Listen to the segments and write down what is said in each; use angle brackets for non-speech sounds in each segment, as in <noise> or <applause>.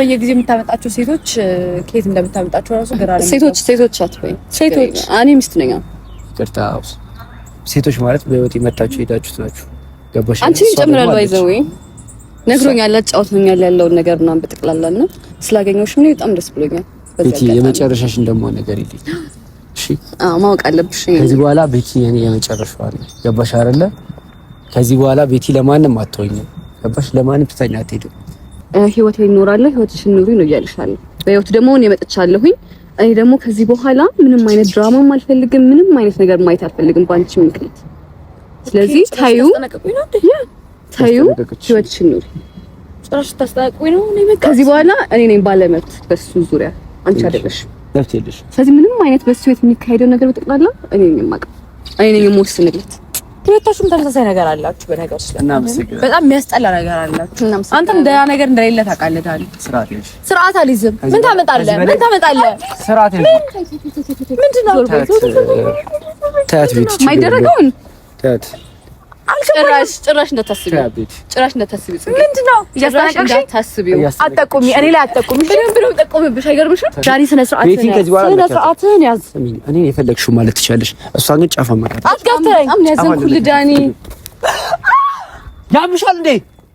በየጊዜው የምታመጣቸው ሴቶች ከየት እንደምታመጣቸው ራሱ ግራ ነው። ሴቶች ሴቶች አትበይ። ሴቶች እኔ ሚስት ነኝ። ቅርታ ሴቶች ማለት በህይወት የመጣችሁ ሄዳችሁት ናችሁ። ገባሽ? አንቺን ጨምራል ባይዘው ነግሮኛል፣ አጫውቶኛል ያለውን ነገር ምናምን በጠቅላላ እና ስላገኘሁሽ እኔ በጣም ደስ ብሎኛል። ቤቲ የመጨረሻሽ እንደማን ነገር ይልኝ። እሺ፣ አዎ ማወቅ አለብሽ። ከዚህ በኋላ ቤቲ የኔ የመጨረሻዋ ነው። ገባሽ አይደለ? ከዚህ በኋላ ቤቲ ለማንም አትሆኝም። ገባሽ? ለማንም ትተኛ አትሄድም። ህይወት ይኖራለሁ ህይወትሽ ኑሪ ነው እያልሻለሁ። በህይወት ደግሞ እኔ መጥቻለሁኝ። እኔ ደግሞ ከዚህ በኋላ ምንም አይነት ድራማም አልፈልግም፣ ምንም አይነት ነገር ማየት አልፈልግም በአንቺ ምክንያት። ስለዚህ ታዩ ታዩ ህይወትሽን ኑሪ። ከዚህ በኋላ እኔ ነኝ ባለመብት በሱ ዙሪያ፣ አንቺ አይደለሽም። ስለዚህ ምንም አይነት በሱ ህይወት የሚካሄደው ነገር በጠቅላላ እኔ ነኝ የማውቀው፣ እኔ ነኝ የምወስንለት ሁለታችሁም ተመሳሳይ ነገር አላችሁ። በነገር በጣም የሚያስጠላ ነገር አላችሁ። አንተም ደህና ነገር እንደሌለ ታውቃለህ። ስርዓት አልይዝም። ምን ታመጣለህ? ምን ታመጣለህ? ምንድን ነው የማይደረገውን ጭራሽ ጭራሽ እንዳታስቢ፣ ጭራሽ እንዳታስቢ። ምንድን ነው አጠቁሚ፣ እኔ ላይ አጠቁሚ። ጠቁምብሽ፣ አይገርምሽም? ዳኒ ስነ ስርዓትህን ያዝ። እኔ የፈለግሽው ማለት ትችያለሽ። እሷን ግን ጫፋ ያዘንኩልህ ዳኒ። ያምሻል እንዴ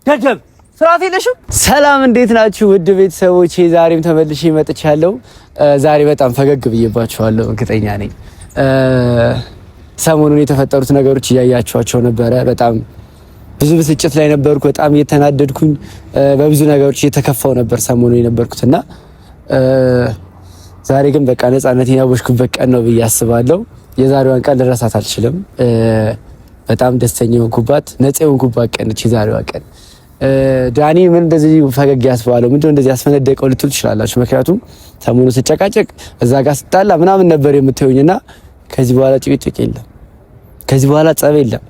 ደደብ ስርዓት የለሽም። ሰላም እንዴት ናችሁ ውድ ቤተሰቦቼ? ዛሬም ተመልሼ መጥቻለሁ። ዛሬ በጣም ፈገግ ብዬባችኋለሁ፣ እርግጠኛ ነኝ። ሰሞኑን የተፈጠሩት ነገሮች እያያቸዋቸው ነበረ። በጣም ብዙ ብስጭት ላይ ነበርኩ። በጣም እየተናደድኩኝ በብዙ ነገሮች እየተከፋው ነበር ሰሞኑን የነበርኩት እና ዛሬ ግን በቃ ነፃነቴን ያወጅኩበት ቀን ነው ብዬ አስባለሁ። የዛሬዋን ቀን ልረሳት አልችልም። በጣም ደስተኛ የሆንኩባት ነፃ የሆንኩባት ቀን ነች የዛሬዋ ቀን። ዳኒ ምን እንደዚህ ፈገግ ያስባለው ምንድነው እንደዚህ ያስፈነደቀው ልትሉ ትችላላችሁ። ምክንያቱም ሰሞኑ ስጨቃጨቅ እዛ ጋር ስጣላ ምናምን ነበር የምታዩኝና ከዚህ በኋላ ጭቅጭቅ የለም። ከዚህ በኋላ ጸብ የለም።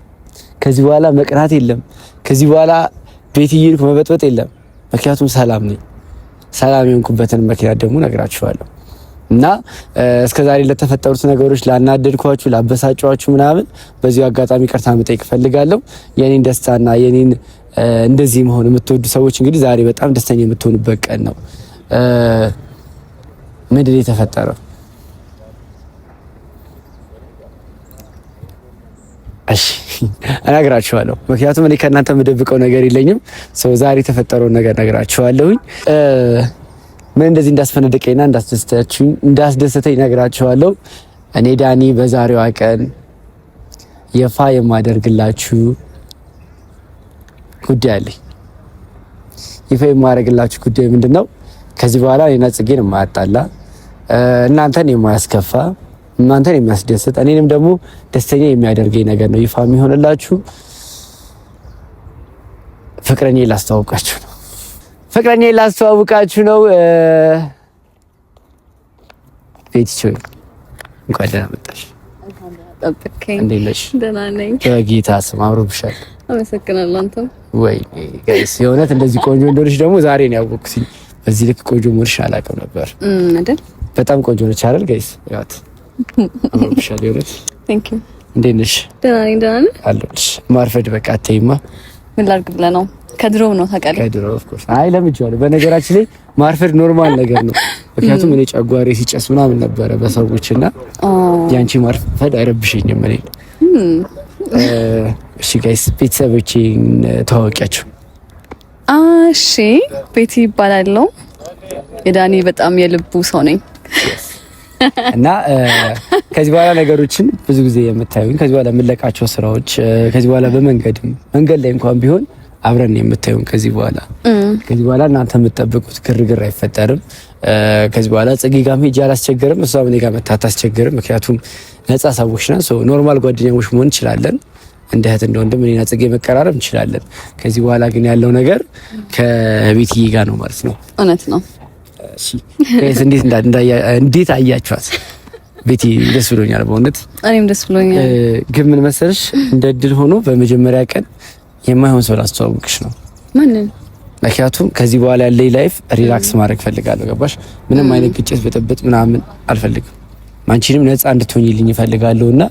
ከዚህ በኋላ መቅናት የለም። ከዚህ በኋላ ቤት እየሄድኩ መበጥበጥ የለም። ምክንያቱም ሰላም ነኝ። ሰላም የሆንኩበትን ምክንያት ደግሞ ነግራችኋለሁ። እና እስከዛሬ ለተፈጠሩት ነገሮች ላናደድኳችሁ፣ ላበሳጫችሁ ምናምን በዚሁ አጋጣሚ ቅርታ መጠየቅ እፈልጋለሁ። የኔን ደስታና የኔን እንደዚህ መሆን የምትወዱ ሰዎች እንግዲህ ዛሬ በጣም ደስተኛ የምትሆኑበት ቀን ነው። ምንድን የተፈጠረው እሺ እነግራችኋለሁ። ምክንያቱም እኔ ከእናንተ የምደብቀው ነገር የለኝም። ሰው ዛሬ የተፈጠረውን ነገር ነግራችኋለሁኝ። ምን እንደዚህ እንዳስፈነደቀኝና እንዳስደሰተችኝ እንዳስደሰተኝ ነግራችኋለሁ። እኔ ዳኒ በዛሬዋ ቀን የፋ የማደርግላችሁ ጉዳይ አለኝ። ይፋ የማደርግላችሁ ጉዳይ ምንድን ነው? ከዚህ በኋላ እኔና ጽጌን የማያጣላ እናንተን የማያስከፋ እናንተን የሚያስደስት እኔንም ደግሞ ደስተኛ የሚያደርገኝ ነገር ነው ይፋ የሚሆንላችሁ። ፍቅረኛ ላስተዋውቃችሁ ነው። ፍቅረኛ ላስተዋውቃችሁ ነው። ቤትቾ እንኳን ደህና መጣሽ። እንዴት ነሽ? በጌታ ስም አምሮብሻል። አመሰግናለሁ። አንተም ወይ ጋይስ፣ የእውነት እንደዚህ ቆንጆ እንደሆነሽ ደግሞ ዛሬ ነው ያወቅኩት። በዚህ ልክ ቆንጆ መሆንሽ አላውቅም ነበር አይደል? በጣም ቆንጆ ነች አይደል? ጋይስ ያት አምሮብሻል። የእውነት ቴንክ ዩ። እንዴት ነሽ? ደህና ነኝ። ደህና ነኝ አለሁልሽ። ማርፈድ በቃ አትይማ። ምን ላድርግ ብለህ ነው? ከድሮም ነው ታውቃለህ። ከድሮ ኦፍ ኮርስ። አይ ለምጄዋለሁ። በነገራችን ላይ ማርፈድ ኖርማል ነገር ነው። ምክንያቱም እኔ ጨጓሬ ሲጨስ ምናምን ነበረ በሰዎች እና ያንቺ ማርፈድ አይረብሽኝም። እኔ እሺ ጋይስ ቤተሰቦቼን ተዋወቂያቸው። እሺ ቤቲ ይባላለሁ። የዳኒ በጣም የልቡ ሰው ነኝ። እና ከዚህ በኋላ ነገሮችን ብዙ ጊዜ የምታዩኝ ከዚህ በኋላ የምለቃቸው ስራዎች ከዚህ በኋላ በመንገድም መንገድ ላይ እንኳን ቢሆን አብረን የምታዩን ከዚህ በኋላ ከዚህ በኋላ እናንተ የምትጠብቁት ግርግር አይፈጠርም። ከዚህ በኋላ ጽጌ ጋር ሄጄ አላስቸግርም፣ እሷ እኔ ጋር መታ አታስቸግርም። ምክንያቱም ነፃ ሰዎች ናት። ኖርማል ጓደኛሞች መሆን እንችላለን። እንደ እህት እንደ ወንድም እኔና ጽጌ መቀራረብ እንችላለን። ከዚህ በኋላ ግን ያለው ነገር ከቤትዬ ጋር ነው ማለት ነው። እውነት ነው። እንዴት አያችኋት? ቤቲ ደስ ብሎኛል፣ በእውነት እኔም ደስ ብሎኛል። ግን ምን መሰለሽ እንደ እድል ሆኖ በመጀመሪያ ቀን የማይሆን ሰው ላስተዋውቅሽ ነው። ማንን? ምክንያቱም ከዚህ በኋላ ያለኝ ላይፍ ሪላክስ ማድረግ ፈልጋለሁ። ገባሽ? ምንም አይነት ግጭት፣ ብጥብጥ ምናምን አልፈልግም። አንቺንም ነፃ እንድትሆኝልኝ እፈልጋለሁ እና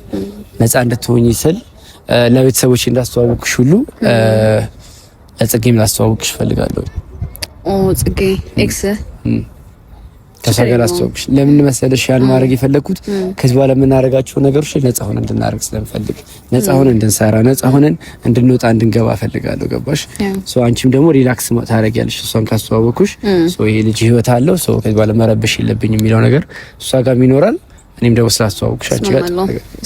ነፃ እንድትሆኝ ስል ለቤተሰቦች እንዳስተዋውቅሽ ሁሉ ጽጌም ላስተዋውቅሽ እፈልጋለሁ። ጽጌ ኤክስ ከሰገር ለምን መሰለሽ ያን ማድረግ የፈለግኩት ከዚህ በኋላ የምናደርጋቸው ነገሮች ነጻ ሆነን እንድናደርግ ስለምፈልግ ነጻ ሆነን እንድንሰራ ነጻ ሆነን እንድንወጣ እንድንገባ እፈልጋለሁ። ገባሽ? ሶ አንቺም ደግሞ ሪላክስ ታደርጊያለሽ እሷን ካስተዋወኩሽ። ሶ ይሄ ልጅ ህይወት አለው። ሶ ከዚህ በኋላ መረብሽ የለብኝ የሚለው ነገር እሷ ጋርም ይኖራል። እኔም ደግሞ ስላስተዋወቅሽ አንቺ ጋር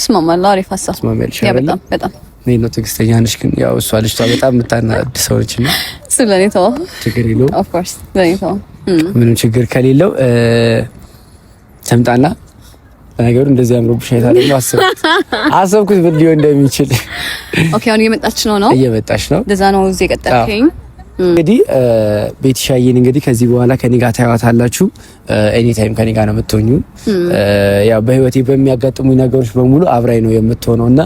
እስማማለሁ። አሪፍ ሀሳብ እስማማለሽ። በጣም በጣም እኔ ነው ትዕግስተኛ ነሽ፣ ግን ያው እሷ ልጅቷ በጣም የምታናድድ ሰው ነች እና ስለኔ ተው፣ ችግር የለውም ኦፍ ኮርስ ለኔ ተው ምንም ችግር ከሌለው ተምጣና ነገሩ እንደዚህ አምሮብሽ አይታለሁ። <laughs> አሰብኩት አሰብኩት ቪዲዮ እንደሚችል ኦኬ። አሁን እየመጣች ነው ነው እየመጣች ነው። እንደዛ ነው እዚህ የቀጠልከኝ እንግዲህ ቤትሻዬን እንግዲህ ከዚህ በኋላ ከኔ ጋር ታያዋታላችሁ። ኤኒ ታይም ከኔ ጋር ነው የምትሆኙ። ያው በህይወቴ በሚያጋጥሙኝ ነገሮች በሙሉ አብራይ ነው የምትሆነውና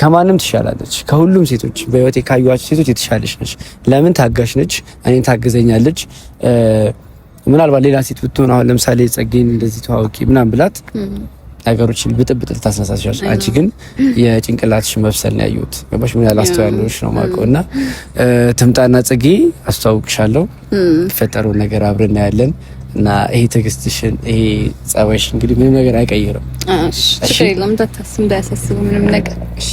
ከማንም ትሻላለች። ከሁሉም ሴቶች በህይወቴ ካየኋቸው ሴቶች የተሻለች ነች። ለምን ታጋሽ ነች፣ እኔን ታግዘኛለች። ምናልባት ሌላ ሴት ብትሆን አሁን ለምሳሌ ጸጌን እንደዚህ ተዋወቂ ምናምን ብላት ነገሮችን ብጥብጥ ልታስነሳሻች፣ አንቺ ግን የጭንቅላትሽ መብሰል ነው ያየሁት። ገባሽ? ምን ያህል አስተዋያለች ነው የማውቀው። እና ትምጣና ጽጌ አስተዋውቅሻለሁ። የፈጠረውን ነገር አብረን እናያለን። እና ይሄ ትዕግስትሽን ይሄ ጸባይሽ እንግዲህ ምንም ነገር አይቀይርም። እሺ ችግር የለውም እንዳታስብ፣ እንዳያሳስብ ምንም ነገር እሺ።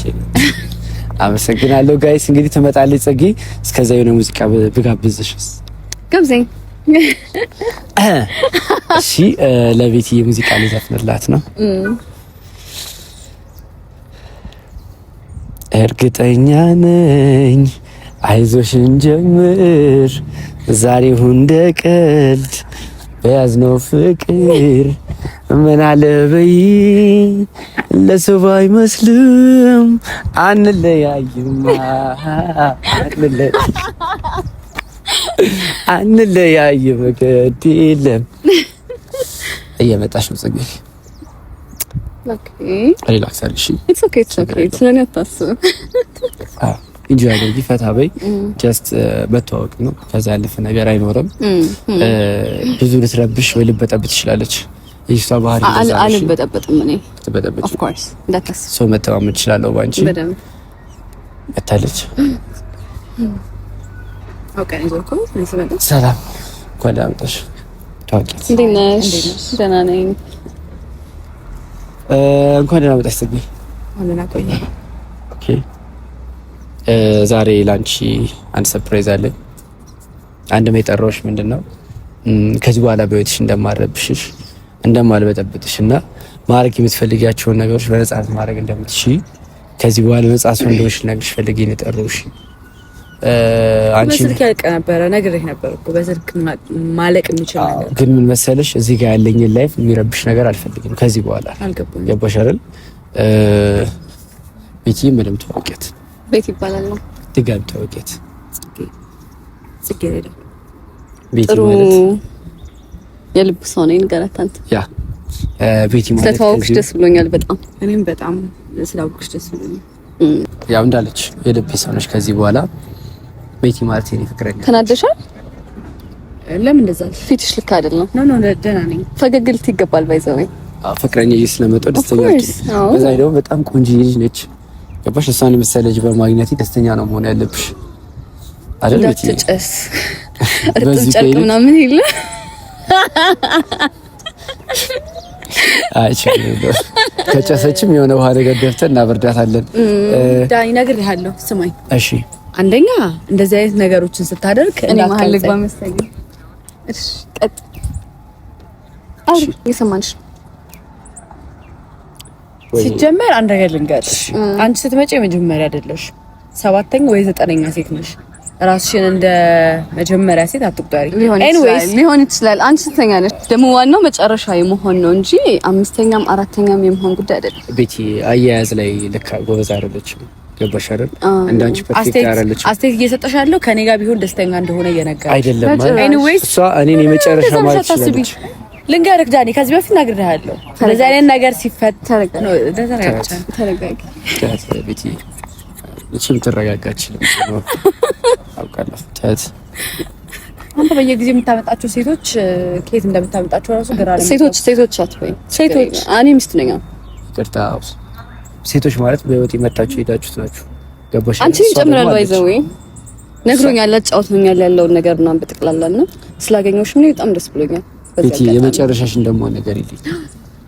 አመሰግናለሁ ጋይስ። እንግዲህ ትመጣለች ጽጌ። እስከዛ የሆነ ሙዚቃ ብጋብዝሽስ? ጋብዘኝ። እሺ ለቤት ሙዚቃ ልዘፍንላት ነው። እርግጠኛ ነኝ አይዞሽን ጀምር ዛሬ ሁን እንደ በያዝነው ፍቅር ምን አለበይ ለሰው አይመስልም። አንለያይማ አንለያይም ግድ የለም። እየመጣሽ ነው ጽጌ። ሪላክስ አድርጊ። ኢንጆይ አድርጊ፣ ፈታ በይ። ጀስት መተዋወቅ ነው። ከዛ ያለፈ ነገር አይኖርም። ብዙ ልትረብሽ ወይ ልበጠብጥ ትችላለች። የሷ ባህሪ አልበጠበጥም። እኔ ኦፍ ኮርስ ሰው መተማመን እችላለሁ ባንቺ መታለች። ሰላም እንኳን ደህና መጣሽ። እንኳን ደህና መጣሽ ጽጌ። ኦኬ ዛሬ ላንቺ አንድ ሰርፕራይዝ አለ። አንድም የጠራሁሽ ምንድን ነው ከዚህ በኋላ በህይወትሽ እንደማረብሽሽ እንደማልበጠብጥሽ እና ማድረግ የምትፈልጊያቸውን ነገሮች በነጻነት ማድረግ እንደምትሽ ከዚህ በኋላ ነጻ ሰው እንደሆንሽ ልነግርሽ ፈልጌ ነው የጠራሁሽ። አንቺ በስልክ ያልቅ ነበረ ነግሬሽ ነበር እኮ በስልክ ማለቅ የሚችል ነገር ግን ምን መሰለሽ፣ እዚህ ጋር ያለኝን ላይፍ የሚረብሽ ነገር አልፈልግም ከዚህ በኋላ። ገባሽ አይደል? ቤቲ ምንም ታውቂያት ቤት ይባላል ነው ጥጋብ ጌት ጽጌረዳ ጥሩ የልብ ሰው ነኝ። ንገራታንት ያ ቤት ማለት ስለተዋወቅሽ ደስ ብሎኛል በጣም እኔም በጣም ስላወቅሽ ደስ ብሎኛል። ያው እንዳለች የልብ ሰው ነች። ከዚህ በኋላ ቤቲ ማለት የኔ ፍቅረኛ። ተናደሻል? ለምን እንደዛ ፊትሽ ልክ አይደለም። ኖ ኖ ደህና ነኝ። ፈገግልት ይገባል። ባይዘው ፍቅረኛ ይህ ስለመጣው ደስተኛ ነኝ። በዛ ደግሞ በጣም ቆንጆ ልጅ ነች። ገባሽ? እሷን የመሰለ ልጅ በማግኘቴ ደስተኛ ነው መሆን ያለብሽ አይደል? ጨስ እርጥብ ጨርቅ ምናምን የለ ከጨሰችም የሆነ ውሃ ነገር ደፍተን እናበርዳታለን። ዳኒ እነግርሃለሁ፣ ስማኝ እሺ። አንደኛ እንደዚህ አይነት ነገሮችን ስታደርግ እኔ መሀል ልግባ መሰለኝ። እሺ፣ ቀጥ አሪፍ የሰማንሽ ሲጀመር አንድ ነገር ልንገርሽ፣ አንቺ ስትመጪ የመጀመሪያ አይደለሽ፣ ሰባተኛ ወይ ዘጠነኛ ሴት ነሽ። ራስሽን እንደ መጀመሪያ ሴት አትቁጠሪ። ሊሆን ይችላል አንቺ ስተኛ ነሽ። ደግሞ ዋናው መጨረሻ የመሆን ነው እንጂ አምስተኛም አራተኛም የመሆን ጉዳይ አይደለም። ቤቲ አያያዝ ላይ ልካ ጎበዝ አይደለችም። ገባሽ አይደል? እንዳንቺ ፐርፌክት አይደለችም። አስተያየት እየሰጠሽ ያለው ከኔ ጋር ቢሆን ደስተኛ እንደሆነ እየነገረኝ አይደለም። ኤኒዌይስ እሷ እኔን የመጨረሻ ማለት ይችላል ልንገርህ ዳኒ፣ ከዚህ በፊት ነግሬሃለሁ። ስለዚህ አይነት ነገር ሲፈጠር አንተ በየጊዜው የምታመጣቸው ሴቶች ከየት እንደምታመጣቸው ራሱ ግራ ነው። ሴቶች ሴቶች አትበይ። ሴቶች እኔ ሚስት ነኝ። ሴቶች ማለት በህይወት የመጣችሁ ሄዳችሁት ናችሁ። ገባሽ? አንቺን ጨምራል ባይዘው ነግሮኛል፣ አጫውቶኛል ያለውን ነገር ምናምን በጠቅላላ እና ስላገኘሁሽ እኔ በጣም ደስ ብሎኛል። ቤቲ የመጨረሻሽ እንደማን ነገር ይልኝ።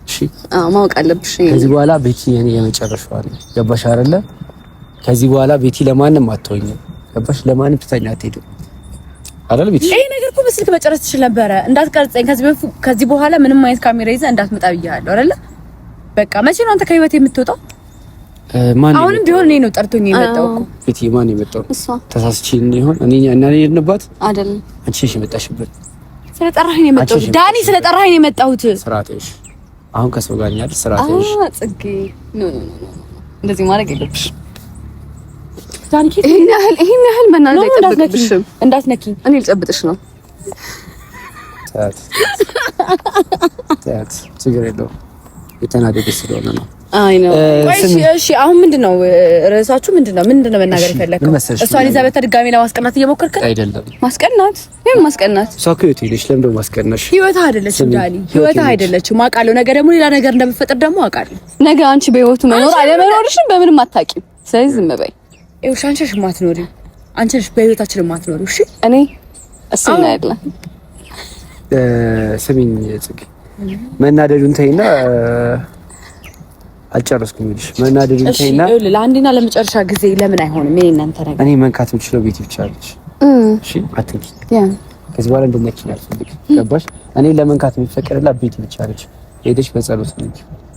እሺ አዎ ማወቅ አለብሽ። ከዚህ በኋላ ቤቲ የኔ የመጨረሻዋ ነው። ገባሽ አይደለ? ከዚህ በኋላ ቤቲ ለማንም አትሆኝም። ገባሽ? ለማንም ትተኛ አትሄድም አይደል? ቤቲ ይሄ ነገር እኮ በስልክ መጨረስ ትችል ነበረ። እንዳትቀርጸኝ ከዚህ በፊት ከዚህ በኋላ ምንም አይነት ካሜራ ይዘህ እንዳትመጣ ብያለሁ አይደለ? በቃ መቼ ነው አንተ ከህይወት የምትወጣው? ማን አሁንም ቢሆን እኔ ነው ጠርቶኝ የመጣው እኮ ቤቲ። ማን የመጣው? ተሳስቼ ነው ይሆን እኔ እና እኔ እንባት አይደል? አንቺ እሺ መጣሽበት ስለጠራኸኝ ነው የመጣሁት ዳኒ፣ ስለጠራኸኝ ነው የመጣሁት። ስራቴሽ አሁን ከሰው ጋር ያለ ስራቴሽ። አዎ ጽጌ፣ ኖ ኖ ኖ፣ እንደዚህ ማድረግ የለብሽ ዳኒ። ይሄን ያህል ይሄን ያህል በእናትህ አይጠብቅብሽም። እንዳትነኪኝ፣ እኔ ልጨብጥሽ ነው። ታት ታት፣ ችግር የለውም የተናደደች ስለሆነ ነው አሁን ምንድን ነው ርዕሳችሁ? ምንድን ነው ምንድን ነው መናገር የፈለግከው? እሷን ይዛ በታ ለማስቀናት እየሞከርክ አይደለም? ማስቀናት ይሄን ማስቀናት እሷ እኮ ህይወቴ ነች። ለምን ማስቀናሽ? ህይወትህ አይደለችም ዳኒ፣ ህይወትህ አይደለችም አውቃለሁ። ነገ ደግሞ ሌላ ነገር እንደምፈጠር ደግሞ አውቃለሁ። ነገ አንቺ በህይወቱ መኖር አለመኖርሽን በምንም አታውቂም። ስለዚህ ዝም በይ። ይኸውልሽ አንቺ ነሽ የማትኖሪው፣ አንቺ ነሽ በህይወታችን የማትኖሪው። እሺ እኔ እሱ እና አይደለም ስሚኝ ጽጌ፣ መናደዱን ተይና አልጨረስኩም። ይልሽ መናደድ እንታይና ለአንዴና ለመጨረሻ ጊዜ ለምን አይሆንም? እኔ እናንተ ነገር እኔ መንካት የምችለው ቤት ብቻ አለች። እሺ አትንኪ። ከዚህ በኋላ እንደነኪኝ አልፈልግም። ገባሽ? እኔ ለመንካት የሚፈቀድላት ቤት ብቻ አለች። ሄደሽ በጸሎት ነኝ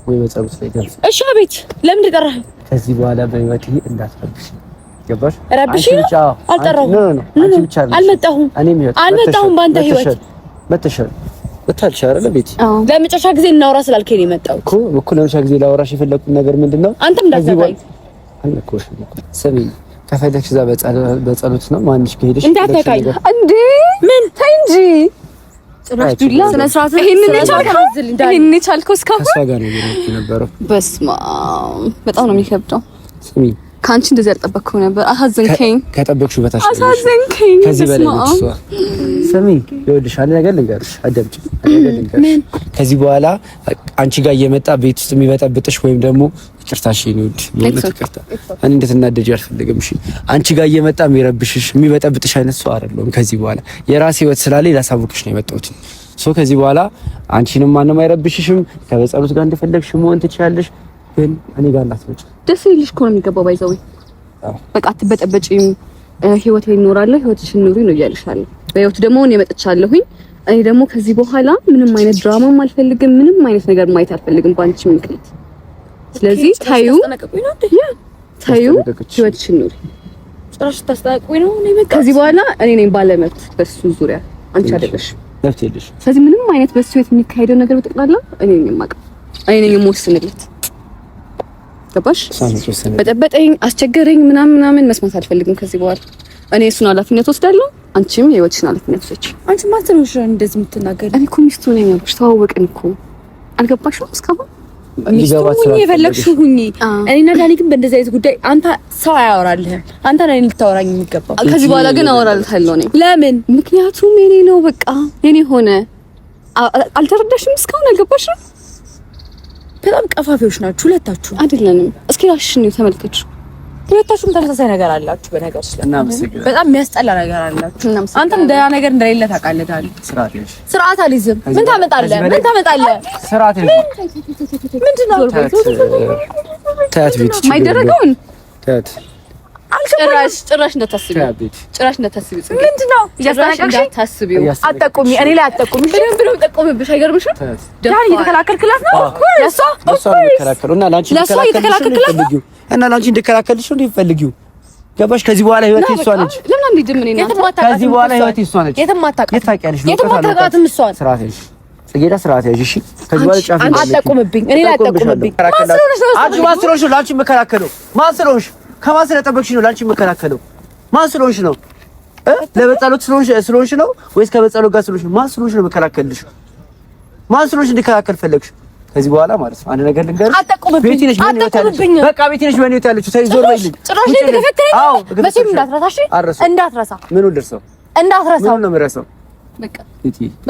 ወይ በጸሎት ላይ ገብተሽ እሺ። አቤት፣ ለምን ተጠራህ? ከዚህ በኋላ በህይወት እንዳትረብሽ። ገባሽ? ረብሽ አልጠራሁም። አልመጣሁም። እኔም ይወጣ አልመጣሁም። በአንተ ህይወት መተሻል እታልሽ አይደለ ቤቲ፣ ለመጨረሻ ጊዜ እናውራ ስላልከኝ ነው የመጣሁት እኮ እኮ ለመጨረሻ ጊዜ ላውራሽ የፈለኩት ነገር ምንድን ነው? አንተም እንዳትዘጋኝ አልኩሽ። ስሚ ከፈለግሽ እዛ በጸሎት ነው ማንሽ ከሄደሽ እንዳትዘጋኝ እንዴ። ምን ተይ እንጂ ጭራሽ ዱላ ስነ ስርዓት። ይሄንን የቻልከው ይሄንን የቻልከው እስካሁን ከእሷ በስመ አብ በጣም ነው የሚከብደው። ስሚ ከአንቺ እንደዚህ ያልጠበቅኩ ነበር። አሳዘንከኝ። ከጠበቅሽው በታች አሳዘንከኝ። ከዚህ በላይ ስሚ፣ ይኸውልሽ አንድ ነገር ልንገርሽ፣ አደምጭ። ከዚህ በኋላ አንቺ ጋር እየመጣ ቤት ውስጥ የሚበጠብጥሽ ወይም ደግሞ ይቅርታሽ፣ እኔ ውድ ይቅርታ፣ እኔ እንድትናደጂ አልፈልግም። እሺ፣ አንቺ ጋር እየመጣ የሚረብሽሽ የሚበጠብጥሽ አይነት ሰው አይደለሁም። ከዚህ በኋላ የራሴ ህይወት ስላለኝ ላሳውቅሽ ነው የመጣሁት። ሶ ከዚህ በኋላ አንቺንም ማንም አይረብሽሽም። ከበጸሉት ጋር እንደፈለግሽ መሆን ትችላለሽ። ግን እኔ ጋር እንዳትመጪ። ደስ ይልሽ እኮ ነው የሚገባው። ባይዘው በቃ አትበጠበጪም። ህይወት ይኖራለሁ ህይወትሽን ኑሪ ነው እያልሻለሁ። በህይወት ደግሞ እኔ መጥቻለሁኝ። እኔ ደግሞ ከዚህ በኋላ ምንም አይነት ድራማም አልፈልግም። ምንም አይነት ነገር ማየት አልፈልግም በአንቺ ምክንያት። ስለዚህ ታዩ ታዩ ህይወትሽን ኑሪ። ጭራሽ ታስጠነቅቁኝ ነው። እኔ ከዚህ በኋላ እኔ ነኝ ባለመብት በሱ ዙሪያ፣ አንቺ አይደለሽም። ስለዚህ ምንም አይነት በሱ ህይወት የሚካሄደው ነገር በጠቅላላ እኔ ነኝ የማውቀው፣ እኔ ነኝ የምወስንለት ገባሽ? በጠበጠኝ፣ አስቸገረኝ ምናምን ምናምን መስማት አልፈልግም ከዚህ በኋላ እኔ እሱን ኃላፊነት ወስዳለሁ። አንቺም የህይወትሽን ኃላፊነት ወስደሽ አንቺ ማለት ነው እንደዚህ የምትናገር። እኔ እኮ ሚስቱ ነኝ ያልኩሽ፣ ተዋወቅን እኮ አልገባሽም እስካሁን ሚስቱኝ የፈለግሽው ሁኚ። እኔና ዳኒ ግን በእንደዚህ አይነት ጉዳይ አንተ ሰው አያወራልህም። አንተ ነህ ልታወራኝ የሚገባው። ከዚህ በኋላ ግን አወራልሃለሁ። እኔ ለምን? ምክንያቱም የኔ ነው በቃ የኔ ሆነ። አልተረዳሽም እስካሁን አልገባሽም በጣም ቀፋፊዎች ናችሁ ሁለታችሁ። አይደለንም። እስኪ ራስሽን ተመልከች። ሁለታችሁም ተመሳሳይ ነገር አላችሁ። በነገር በጣም የሚያስጠላ ነገር አላችሁ። አንተም ደህና ነገር እንደሌለ ታውቃለህ። ስርዓት አልይዝም። ምን ታመጣለህ? ምን ታመጣለህ? ስርዓት ምንድን ነው? ማይደረገውን ታያት ጭራሽ ጭራሽ እንዳታስቢው ጭራሽ ጽጌ፣ ምንድን ነው እንዳታስቢው። አጠቁሚ እኔ ላይ ብለው አይገርምሽም? ያን እየተከላከልክላት ነው ለእሷ እና ለአንቺ ነው ገባሽ? ከዚህ በኋላ ህይወት እሷ ነች። ከዚህ በኋላ ህይወት እሷ ነች። የትም የትም አታውቃትም እሷን ስርዓት ነሽ ጽጌዳ ስርዓት ያዥ። እሺ ከዚህ በኋላ ጫፍ እኔ ላይ ማን ስለሆንሽ ነው? ማን ስለሆንሽ? ከማን ስለጠበቅሽ ነው ላንቺ የምከላከለው? ማን ስለሆንሽ ነው? ለበጸሎት ስለሆንሽ ነው ወይስ ከበጸሎት ጋር ስለሆንሽ ነው? ማን ስለሆንሽ ነው የምከላከልልሽ? ማን ስለሆንሽ እንዲከላከል ፈለግሽ? ከዚህ በኋላ ማለት ነው አንድ ነገር ልንገርሽ፣ ቤቲ ነሽ በቃ ቤቲ ነሽ ምን ይወጣልሽ? ተይ ዞር በይልኝ። ጭራሽ ልትከተለኝ አዎ፣ መቼም እንዳትረሳሽ፣ እንዳትረሳ። ምኑን ልርሳው? እንዳትረሳው። ምኑን ነው የምረሳው? በቃ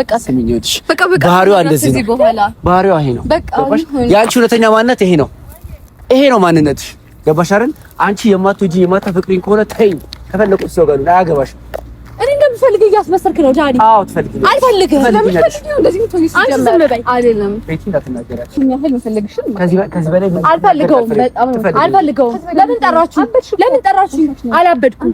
በቃ ስሚኝ፣ በቃ በቃ ባህሪዋ እንደዚህ ነው። ባህሪዋ ይሄ ነው። በቃ ያንቺ እውነተኛ ማንነት ይሄ ነው። ይሄ ነው ማንነትሽ ገባሽ አይደል? አንቺ የማትወጂኝ የማታፈቅሪኝ ከሆነ ተይኝ። ከፈለቁት ሰው ጋር አያገባሽ። እኔ እንደምፈልግ እያስመሰልክ ነው ዳኒ። አዎ አልፈልግም። ለምንፈልግ ነው እንደዚህ ነው ለምን ጠራችሁ? ለምን ጠራችሁ? አላበድኩም።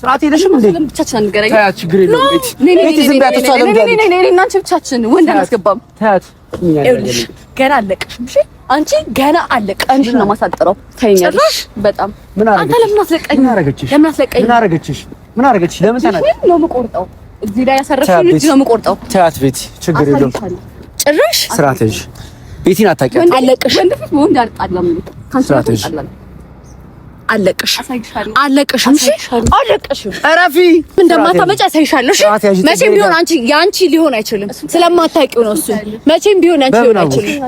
ስርዓት የለሽም እንዴ? ብቻችን ወንድ አናስገባም። ገና አለቅሽም። አንቺ ገና አለቅ እንጂ ነው የማሳጥረው። ታይኛለሽ በጣም ምን አንተ ለምን አስለቀኝ? ምን አረገችሽ? ለምን አስለቀኝ? ምን አረገችሽ? ምን አረገችሽ? ለምን ተናገር ነው የምቆርጠው። እዚህ ላይ ያሰረፍሽኝ ልጅ ነው የምቆርጠው። ታያት ቤቲ፣ ችግር የለውም። ጭራሽ ስርዓት ቤቲን አታውቂያትም። አለቅሽ ወንድ ፊት ወንድ አልጣላም። ካንቺ አልጣላም አለቅሽም አለቅሽም አለቅሽም። እረፊ እንደማታመጪ አሳይሻለሁ። መቼም ቢሆን አንቺ ያንቺ ሊሆን አይችልም። ስለማታውቂው ነው እሱ። መቼም ቢሆን ያንቺ ሊሆን አይችልም።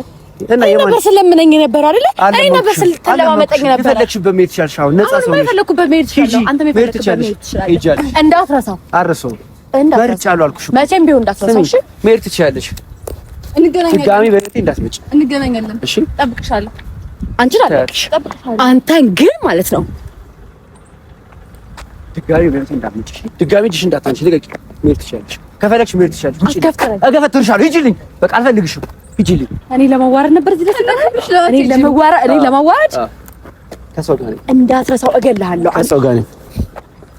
እኔ ነበር ስለምነኝ ነበር አይደለ? እኔ ነበር ስለተለማመጠኝ ነበር። የፈለግሽበት መሄድ ትችያለሽ። ነፃ ሰው ነሽ። የፈለግኩበት መሄድ እንዳትረሳው። አረሳው መርጫለሁ አልኩሽ። መቼም ቢሆን እንዳትረሳው። እሺ መሄድ ትችያለሽ። እንገናኛለን። ድጋሚ በእኔ እንዳትመጪ። እንገናኛለን። እሺ እጠብቅሻለሁ። አንቺን አለቅሽ። አንተን ግን ማለት ነው ድጋሚ ቤት እንዳትመጪ፣ ድጋሚ እጅሽ እንዳታንቺ። ልቀቂ። መሄድ ትችያለሽ፣ ከፈለግሽ መሄድ ትችያለሽ። እገፈትርሻለሁ። ሂጂልኝ፣ በቃ አልፈልግሽም። ሂጂልኝ። እኔ ለማዋረድ ነበር እዚህ ተሰጣሽ። እኔ ለማዋረድ እኔ ለመዋረድ ከሰው ጋር እንዳትረሳው፣ እገልሃለሁ። ከሰው ጋር ነኝ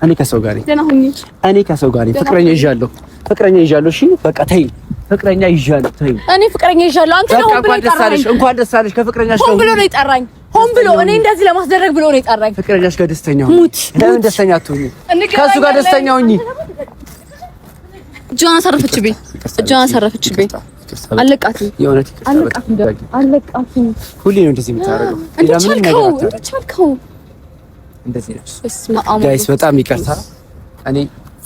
እኔ ከሰው ጋር ነኝ እኔ ከሰው ጋር ፍቅረኛ ይዣለሁ፣ ፍቅረኛ ይዣለሁ። እሺ በቃ ተይኝ ፍቅረኛ ይዣለሁ። ተይው። እኔ ፍቅረኛ ይዣለሁ። አንተ ነው ብሎ ይጠራኝ። እንኳን ደስ አለሽ ከፍቅረኛሽ ጋር ሆን ብሎ ነው ይጠራኝ። ሆን ብሎ እኔ እንደዚህ ለማስደረግ ብሎ ነው ይጠራኝ። ፍቅረኛሽ ጋር ደስተኛ ሁኚ። ለምን ደስተኛ አትሆኚ? ከእሱ ጋር ደስተኛ ሁኚ። እጇን አሳረፈችብኝ። እጇን አሳረፈችብኝ። አለቃትም። የእውነት አለቃትም። አለቃትም። ሁሌ ነው እንደዚህ የምታደርገው። እንደቻልከው እንደቻልከው እንደዚህ ነው። ጋይስ በጣም ይቅርታ። እኔ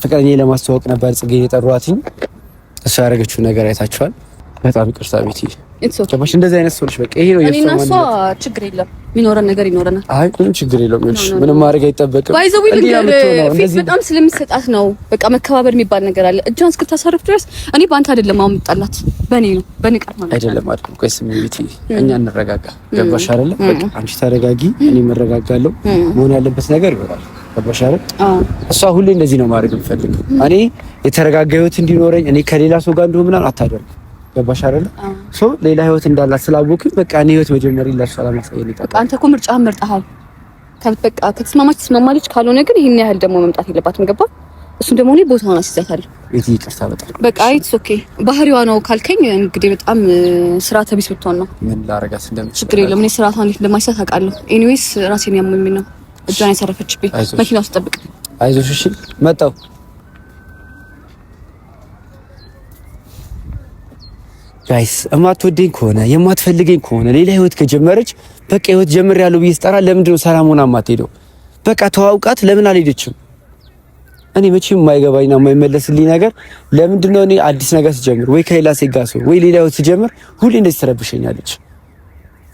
ፍቅረኛ ለማስተዋወቅ ነበር ጽጌ የጠሯትኝ እሱ ያደረገችው ነገር አይታችኋል። በጣም ይቅርታ ቤቲ፣ ገባሽ? እንደዚህ አይነት ሰው ነሽ። በቃ ይሄ ነው የእሱ ማለት ችግር የለም የሚኖረን ነገር ይኖረናል። አይ ምንም ችግር የለውም። ይኸውልሽ ምንም ማድረግ አይጠበቅም። ባይዘው ፊት በጣም ስለምሰጣት ነው። በቃ መከባበር የሚባል ነገር አለ። እጇን እስክታሳርፍ ድረስ እኔ በአንተ አይደለም አሁን የምጣላት በእኔ ነው፣ በንቀት ማለት አይደለም አይደለም። ቆይ ስሚ ቤቲ፣ እኛ እንረጋጋ። ገባሽ አይደለም? በቃ አንቺ ተረጋጊ፣ እኔ መረጋጋለሁ። መሆን ያለበት ነገር ይሆናል። ገባሽ እሷ ሁሌ እንደዚህ ነው ማድረግ የምፈልግ። እኔ የተረጋጋ ህይወት እንዲኖረኝ እኔ ከሌላ ሰው ጋር እንደሆነ ምናምን አታደርግ። ገባሽ አይደል? ሶ ሌላ ህይወት እንዳላት ስላወኩኝ በቃ እኔ ህይወት መጀመሪያ ለሷ ለማሳየት ነው። በቃ አንተ እኮ ምርጫህን መርጠሃል። በቃ ከተስማማች ትስማማለች፣ ካልሆነ ግን ይህን ያህል ደግሞ መምጣት የለባትም። ገባ? እሱን ደግሞ እኔ ቦታውን አስይዛታለሁ። እዚህ ይቅርታ፣ በጣም በቃ ኢትስ ኦኬ። ባህሪዋ ነው ካልከኝ እንግዲህ በጣም ስርዓተ ቢስ ብትሆን ነው ምን ላረጋት እንደምችል ችግር የለም። እኔ ስርዓቷን እንደማይሳት አውቃለሁ። ኤኒዌይስ ራሴን ያመኝ ነው እጇን ያሰረፈችብኝ መኪና ውስጥ ጠብቅ። አይዞሽ። እሺ፣ መጣሁ። ጋይስ እማትወደኝ ከሆነ የማትፈልገኝ ከሆነ ሌላ ህይወት ከጀመረች በቃ ህይወት ጀምር ያለው ብዬ ስጠራ ለምንድነው ሰላም ሆና የማትሄደው? በቃ ተዋውቃት ለምን አልሄደችም? እኔ መቼም የማይገባኝና የማይመለስልኝ ነገር ለምንድነው እኔ አዲስ ነገር ስጀምር ወይ ከሌላ ሴት ጋር ወይ ሌላ ህይወት ስጀምር ሁሌ እንደዚህ ትረብሸኛለች።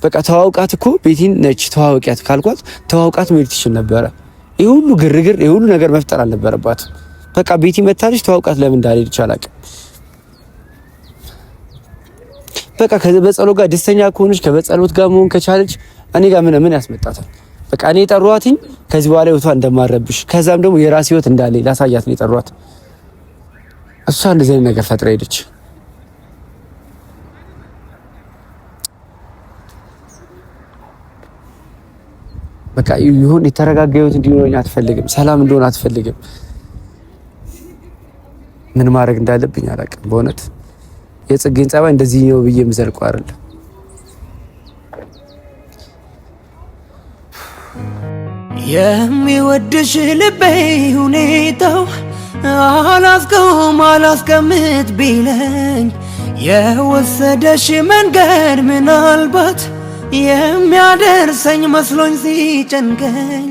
በቃ ተዋውቃት እኮ ቤቲን ነች ተዋውቂያት ካልኳት ተዋውቃት መሄድ ትችል ነበረ። ይህ ሁሉ ግርግር ይህ ሁሉ ነገር መፍጠር አልነበረባት። በቃ ቤቲ መታለች ተዋውቃት ለምን እንዳልሄድ ይቻላል። በቃ ከዚህ በጸሎት ጋር ደስተኛ ከሆነች ከበጸሎት ጋር መሆን ከቻለች እኔ ጋር ምን ምን ያስመጣታል? በቃ እኔ የጠሯትኝ ከዚህ በኋላ ህይወቷ እንደማረብሽ ከዛም ደግሞ የራሴ ህይወት እንዳለ ላሳያት ነው የጠሯት። እሷ እንደዚህ ነገር ፈጥራ ሄደች። በቃ ይሁን የተረጋጋ እንዲኖረኝ አትፈልግም። ሰላም እንደሆነ አትፈልግም። ምን ማድረግ እንዳለብኝ አላውቅም። በእውነት የጽጌን ጸባይ እንደዚህ ነው ብዬ የምዘልቀው አይደለም። የሚወድሽ ልቤ ሁኔታው አላስቀውም አላስቀምጥ ቢለኝ የወሰደሽ መንገድ ምናልባት የሚያደርሰኝ መስሎኝ ሲጨንቀኝ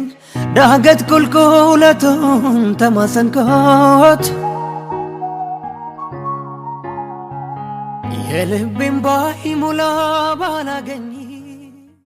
ዳገት ቁልቁለቱን ተማሰንኮት የልቤም ባይሞላ ባላገኝ